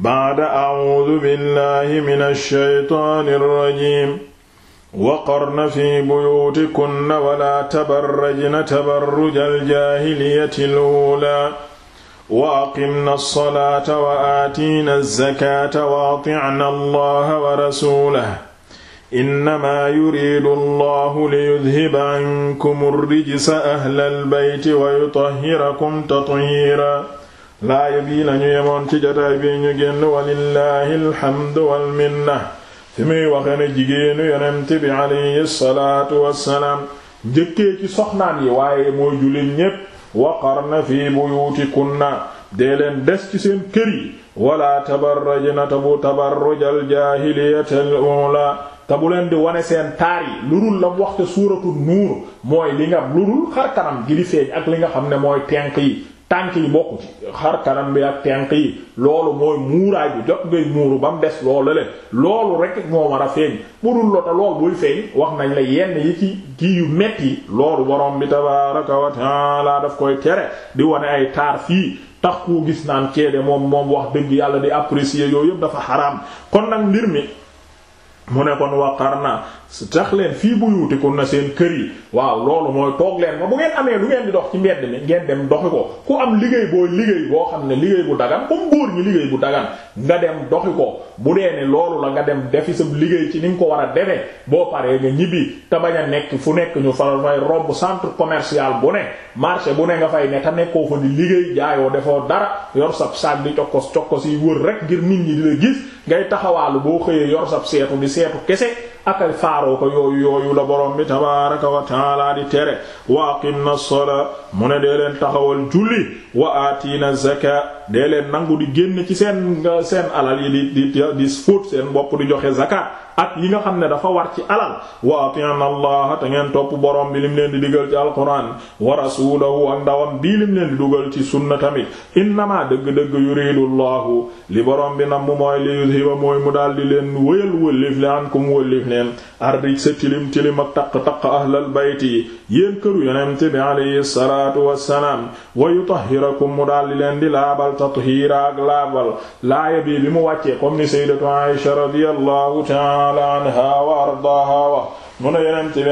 baada acuudu billahi min alsheytaani alrajim waqarna fi buyuutikunna wala tabarrajna tabarruja aljaahiliyati alulaa wa aqimna alsalaata wa aatiina alzakaata wa aticna allaha wa rasuulahu innamaa yuriidu allahu liyudhiba cankum alrijsa ahla albeyti wa yutahhirakum tathiira laaya bii lañu yemoon ci jataay bi ñu génn walillahi alhamdu walminna fi muy waxe ne jigéenu yonent bi alayhi salaatu wassalaam njëkkee ci soxnaan yi waaye mooy jullit ñépp waqarna fi buyutikunna dee leen des ci seen kër yi wala tabarrajna tabu tabarrujal jaahiliyatil uulaa te bu leen di wane seen taar yi lu dul la waxte suuratu nuur mooy li nga lu dul xar kanam gi ak li nga xam ne mooy tenq yi tànk yi bokku ci xar kanam bi ak tenq yi loolu mooy muuraay bi jot ngay muuru ba mu des loolu le loolu rek moo war a feeñ budul lota lool buy feeñ wax nañ la yenn yi ci kii yu metti loolu borom bi tabaaraka wa taala daf koy tere di wane ay taar fii tax ku gis naan ceede moom moom wax dëgg yàlla di apprécier yooyu yëpp dafa xaraam kon nag mbir mi mu ne kon waqarna tax leen fii na seen kër yi waaw loolu mooy toog leen ma bu ngeen amee lu ngeen di dox ci mbedd mi ngeen dem doxi ko ku am liggéey boo liggéey boo xam ne liggéey bu dagan comme góor ñi liggéey bu dagan nga dem doxi ko bu dee ne loolu la nga dem defi sa liggéey ci ni nga ko war a defee boo paree nga ñibbi te bañ a nekk fu nekk ñu fa fay robb centre commercial bu ne marché bu ne nga fay nekkoo fa di liggéey jaayoo defoo dara yor sab saag di cokkos cokkos yi wër rek ngir nit ñi di la gis ngay taxawaalu boo xëyee yor sab seetu di seetu kese akay faaroo ko yooyu yooyu la borom bi tabaaraka wa taala tere wa aqimna salaa mu ne dee taxawal julli wa aatiina zaka dee nangu di génn ci seen seen alal yi di di seen bopp di joxe zakat ak yi nga xam ne dafa war ci alal wa ati'na allah te ngeen topp borom bi lim leen di digal ci alquran wa rasulahu ak ndawam bii lim leen di dugal ci sunna tamit innama dëgg-dëgg yuridu llahu li borom bi nam mu mooy li yuzhiba mooy mu daal di leen wëyal wëllif li ankum wëllif leen ardik sa tilim tilim ak taq-taq ahlal bayt yi yéen këru yonente bi alayhi salatu wassalaam wa yutahhirakum mu daal di leen di laabal tathiira ak laabal laaya bi bi mu taala anha wa ardaaha wa mu ne mu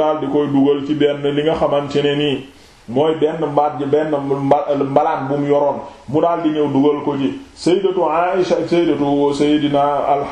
daal di koy dugal ci benn li nga xamante ne nii mooy benn mbaat ji benn mbalaan bu mu yoroon mu daal di ñëw dugal ko ci sayyidatu Aisha sayyidatu sayyidina al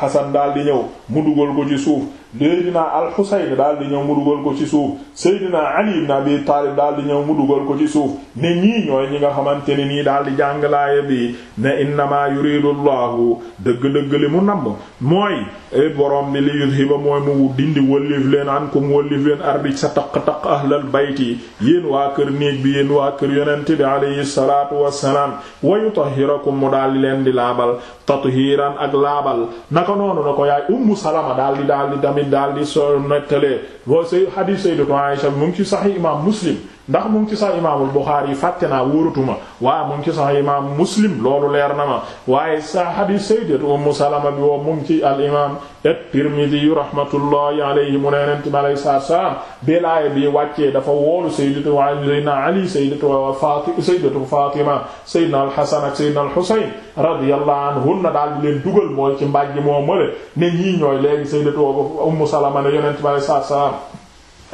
ñëw mu dugal ko ci suuf Seydina Al-Husayn daal di ñëw mu dugal ko ci suuf Seydina Ali ibn Abi Taalib daal ñëw mu dugal ko ci suuf ne ñii ñooy ñi nga xamante nii daal di jàng laaya bi ne innamaa yuridu Allahu dëgg-dëgg li mu namm mooy e, borom bi li yuzhiba mooy mu dindi wëllif leen ankum wëllif leen ardi sa taq-taq ahlal bayti yéen waa kër néeg bi yéen waa kër yonent bi alayhi salaatu wassalaam wa yutahhirakum mu daal di leen di laabal tathiiran ak laabal na ko yaay Ummu daal di soo nettalee boo say xadiis Sayyidatu Aisha mu ngi ci Sahih Imaam Muslim ndax mu ngi ci sax imaamul Buxaari yi fàtte naa wóoratuma waaye mu ngi ci sax imaam Muslim loolu leer na waaye sa hadiis sayyidatu Ummu Salama bi woo mu ngi ci al imaam at-Tirmidhi rahmatullahi alayhi mu ne nent mi alayhi bi wàccee dafa woolu sayyidatu Ali sayyidatu Fatima sayyidatu Fatima sayyidina al-Hasan ak sayyidina al-Husayn radiyallahu anhunna daal di leen dugal mooy ci moo mële ne ñii ma léegi sayyidatu Salama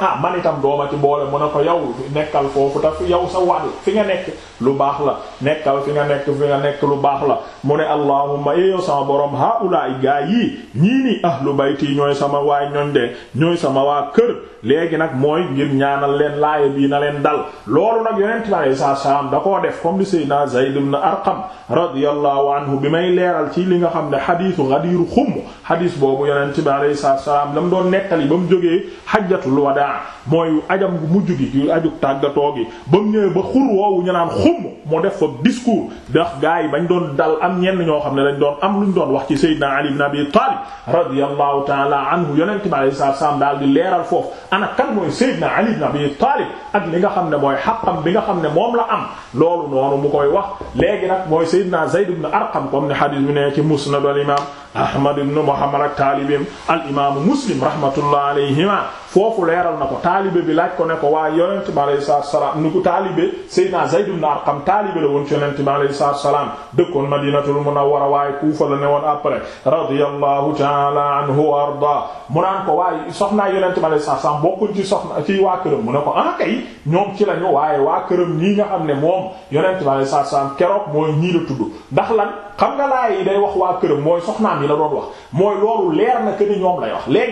ah man itam dooma ci boole mu ne ko yow nekkal foofu te yow sa wàll fi nga nekk lu baax la nekkal fi nga nekk fi nga nekk lu baax la mu ne allahumma eh, yow sama borom haulaay gaa yii ñii nii ahlu bayti ñooy sama waa ñoñ de ñooy sama waa kër léegi nag mooy ngir ñaanal leen laaya bii na leen dal loolu nag yeneen bi saa salaatu da koo def comme li sayyidina na ibn Arqam radiyallahu anhu bi may leeral ci li nga xam ne xadiisu Ghadir Xum xadiis boobu yonent bi alayhi salaatu salaam la mu doon nettali ba mu jógee xajjatul wadaa mooy ajam gu mujj gi yu aju tàggatoo gi ba ba xur woowu ñu naan xumm mu def fa discours ndax gaa yi bañ doon dal am ñenn ñoo xam ne dañ doon am luñ doon wax ci Seydina Ali ibn Abi Talib radiyallahu ta'ala anhu yonent bi alayhi salaatu salaam daal di leeral foofu ana kan mooy Seydina Ali ibn Abi Talib ak li nga xam ne mooy xaqam bi nga xam ne moom la am loolu noonu mu koy wax léegi nag mooy Seydina Zayd ibn Arqam comme ni xadiis bi ne ci Musnad al-Imam Ahmad ibn Muhammad ak taalibeem al imaamu Muslim rahmatullah alayhima foofu leeral na ko taalibe bi laaj ko ne ko waa yonent bi alayhi salaatu salaam ni ko taalibe Seydina Zayd ibn Arqam taalibe la woon ci yonent bi alayhi salaatu salaam dëkkoon Madinatul Munawwara waaye Kuufa la ne woon après radiyallahu ta'ala anhu wa arda mu naan ko waaye soxnaa yonent bi alayhi salaatu salaam bokkuñ ci ci waa këram mu ne ko ah kay ñoom ci waa këram ñii nga xam ne moom yonent bi alayhi salaatu salaam keroog mooy ñii la tudd ndax lan xam nga laay yi day wax waa këram mooy soxnaam yi la doon wax mooy loolu leer na ke ni ñoom lay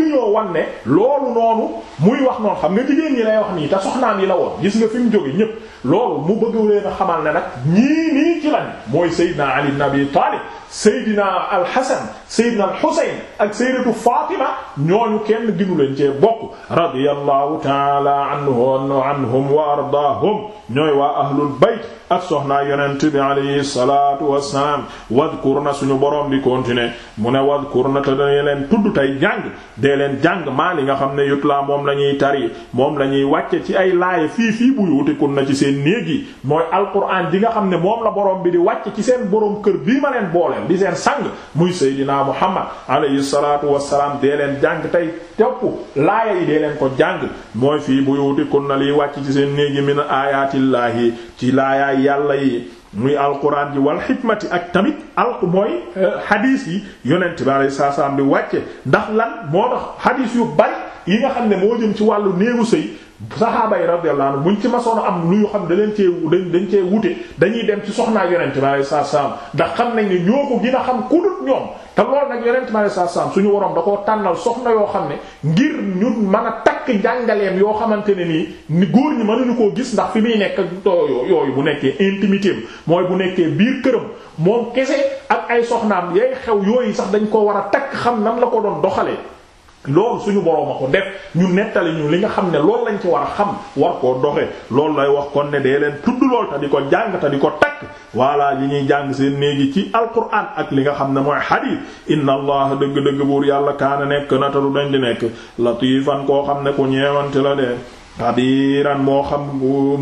bëgg ñoo wan ne loolu noonu muy wax noonu xam nga jigéen ñi lay wax nii te soxnaam yi la woon gis nga fi mu jóge ñépp loolu mu bëgg leen a xamal ne nag ñii nii ci lañ mooy Seydina Ali ibn Abi Seydina Alxasan Seydina Alxuseyn ak Seydatu Fatima ñooñu kenn ginu leen cee bokk radiyallahu taala anhum wa anhum wa ardaahum ñooy waa ahlul bayt ak soxnaa yonent bi alayhi salaatu wassalaam na suñu borom bi continuer mu ne wadkurna te dañu leen tudd tey jàng dee leen jàng maa li nga xam ne yutla moom lañuy ñuy moom la ñuy wàcce ci ay laaya fii fii bu yuutikun na ci seen néeg yi mooy alquran di nga xam ne moom la borom bi di wàcce ci seen borom kër bii ma leen boole royam di seen sang muy Seydina Muhammad alayhi salaatu wassalaam dee leen jàng tey topp laaya yi dee leen ko jàng mooy fii buyutikunna liy wàcc ci seen néegi min aayatillaahi ci laayaay yàlla yi muy alquran ji wal xikmati ak tamit al mooy hadith euh, yi yonent bi alayhi salaam bi wàcce ndax lan moo tax hadith yu bari yi nga xam ne moo jëm ci wàllu néegu sëy saxaaba yi radiyallahu anhu buñ ci masoon am lu ñu xam da leen cee dañ dañ cee wute dañuy dem ci soxnaa yonent bi alayhi salaatu salaam ndax xam nañ ne ñoo ko gën xam ku ñoom te loolu nag yonent bi suñu waroom da koo tànnal soxna yoo xam ne ngir ñun mën a takk jàngaleem yoo xamante ne nii góor ñi mënuñu koo gis ndax fi muy nekk yooyu bu nekkee intimité mooy bu nekkee biir këram moom kese ak ay soxnaam yay xew yooyu sax dañ koo war a takk xam nan la ko doon doxalee. loolu suñu boroom a ko def ñu nettali ñu li nga xam ne loolu lañ ci war xam wax koo doxe loolu lay wax kon ne dee leen tudd lool te di ko jàng te di ko takk walla li ñuy jàng seen néegi ci alquran ak li nga xam ne mooy xadiis inna allah dëgg-dëgg buur yàlla kaana nekk na te du dañ di nekk latifan koo xam ne ku ñeewante la dee xabiiran moo xam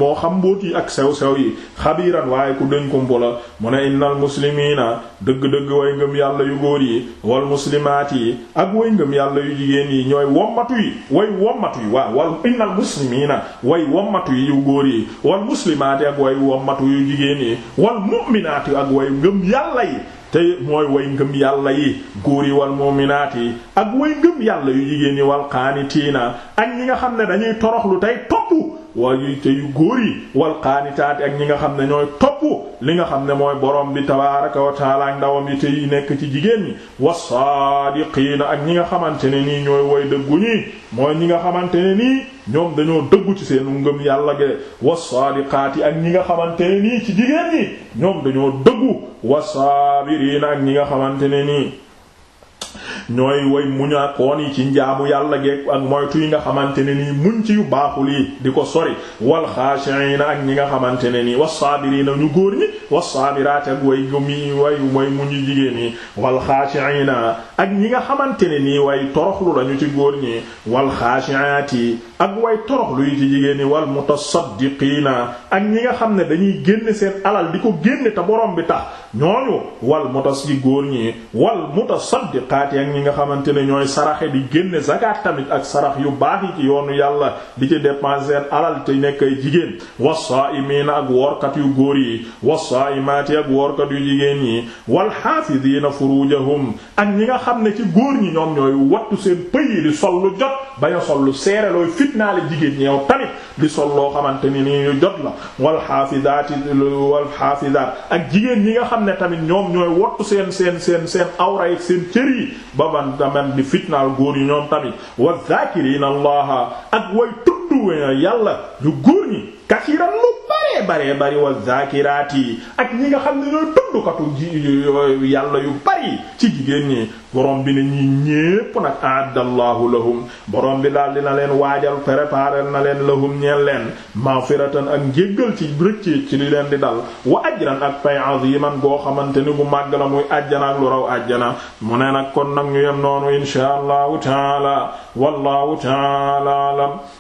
moo xam mbóot yi ak sew-sew yi xabiiran waaye ku dénkumpu la mu ne innal muslimiina dëgg-dëgg way ngëm yàlla yu góor yi wal muslimaat yi ak way ngëm yàlla yu jigéen yi ñooy wommatu yi way wommatu yi waaw wal innal muslimiina way wommatu yi yu góor yi wal muslimaat yi ak way wommatu yu jigéen yi wal mu'minaat yi ak way ngëm yàlla yi te mooy way ngëm yàlla yi góor yi wal muminaat yi ak way ngëm yàlla yu jigéen yi wal qaanitiina ak ñi nga xam ne dañuy toroxlu tey topp waaye te yu góor yi wal qaanitaati ak ñi nga xam ne ñooy topp li nga xam ne mooy borom bi tabaaraka wa taala ndawam yi te yi nekk ci jigéen ñi wasaadiqiina ak ñi nga xamante ne nii ñooy way dëggu ñi mooy ñi nga xamante ne nii ñoom dañoo dëggu ci seen ngëm yàlla ge yi ak ñi nga xamante ne nii ci jigéen ñi ñoom dañoo dëggu wasaabiriin ak ñi nga xamante ne nii ñooy way muñakoon yi ci njaamu yàlla geeg ak moytu yi nga xamante ne nii muñ ci yu baaxul yi di ko sori wal xaashiina ak ñi nga xamante ne nii wassaabiriina ñu góor ñi wassaabiraat ak way gëm yi way way muñu jigéen yi wal xaashiina ak ñi nga xamante ne nii way toroxlu lañu ci góor ñi wal yi ak way toroxlu yi ci jigéen ñi wal mutasaddiqiina ak ñi nga xam ne dañuy génn seen alal di ko génn te borom bi tax ñooñu wal mutas yi góor ñi wal mutasaddiqaati ñi nga xamante ne ñooy saraxe di génne zakat tamit ak sarax yu baax yi ci yoonu yàlla di ci dépenser alal te nekk ay jigéen was-saa'imiina ak woorkat yu góor yi was-saa'imaati ak woorkat yu jigéen yi wal haafiziina furuujahum ak ñi nga xam ne ci góor ñi ñoom ñooy wattu seen pëy yi di sol lu jot bañ a sol lu seere looy fitnaale jigéen ñi yow tamit bi sol loo xamante ni nii ñu jot la wal xaafidaati wal xaafidaat ak jigéen ñi nga xam ne tamit ñoom ñooy wottu seen seen seen seen awra yi seen cër yi ba man tamit di fitnaal góor yi ñoom tamit wa zaakiriina allaha ak way tudd yàlla ñu góor ñi kasiiran lu baree baree bari wa zakiraati ak ñi nga xam ne ñooy tuddkatu ji yàlla yu bari ci jigéen ñi borom bi ne ñi ñépp nag addallahu lahum borom bi daal dina leen waajal préparer na leen lahum ñeen leen maghfiratan ak njéggal ci rëcc ci li leen di dal wa ajran ak pay aziman goo xamante ni bu màgg la muy ajjana ak lu raw ajjana mu ne nag kon nag ñu yem noonu insha allahu taala wallahu taala alam